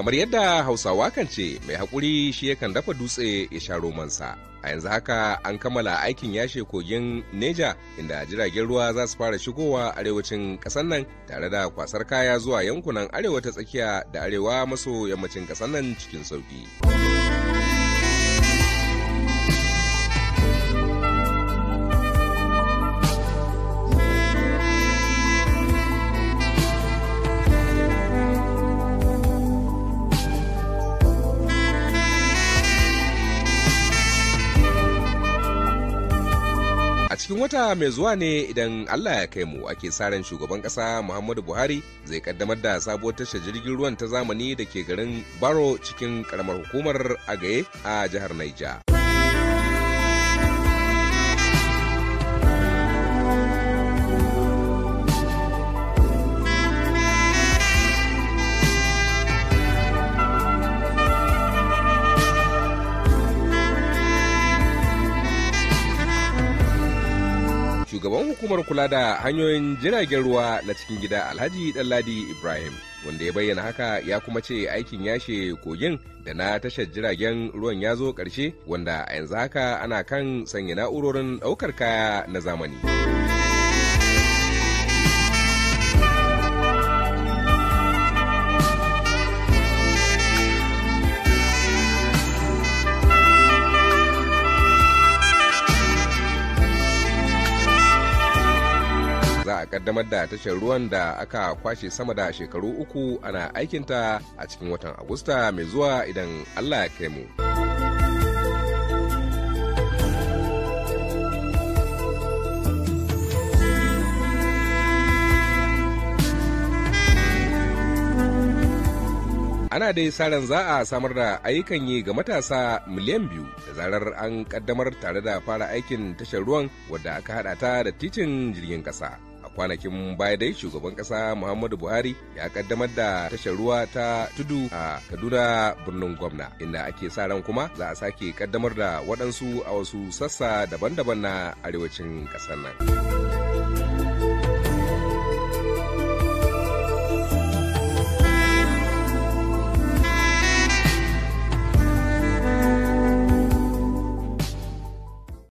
kamar yadda hausawa kan ce mai haƙuri shi yakan dafa dutse ya sha romansa a yanzu haka an kammala aikin yashe kogin neja inda jiragen ruwa za su fara shigowa arewacin ƙasar nan tare da kwasar kaya zuwa yankunan arewa ta tsakiya da arewa maso yammacin ƙasar nan cikin sauƙi. cikin wata mai zuwa ne idan Allah ya kai mu ake sa shugaban kasa Muhammadu Buhari zai kaddamar da sabuwar tashar jirgin ruwan ta zamani da ke garin Baro cikin karamar hukumar Agaye a jihar Niger. shugaban hukumar kula da hanyoyin jiragen ruwa na cikin gida alhaji ɗanladi ibrahim wanda ya bayyana haka ya kuma ce aikin yashe kogin da na tashar jiragen ruwan ya zo ƙarshe wanda a yanzu haka ana kan sanya na'urorin ɗaukar kaya na zamani. kaddamar da tashar ruwan da aka kwashe sama da shekaru uku ana aikinta a cikin watan agusta mai zuwa idan allah ya kai mu. ana dai saran za a samar da ayyukan yi ga matasa miliyan biyu da zarar an kaddamar tare da fara aikin tashar ruwan wadda aka hada ta da titin jirgin kasa. kwanakin baya dai shugaban kasa muhammadu buhari ya kaddamar da tashar ruwa ta tudu a kaduna birnin gwamna inda ake sa ran kuma za a sake kaddamar da waɗansu a wasu sassa daban-daban na arewacin ƙasar nan.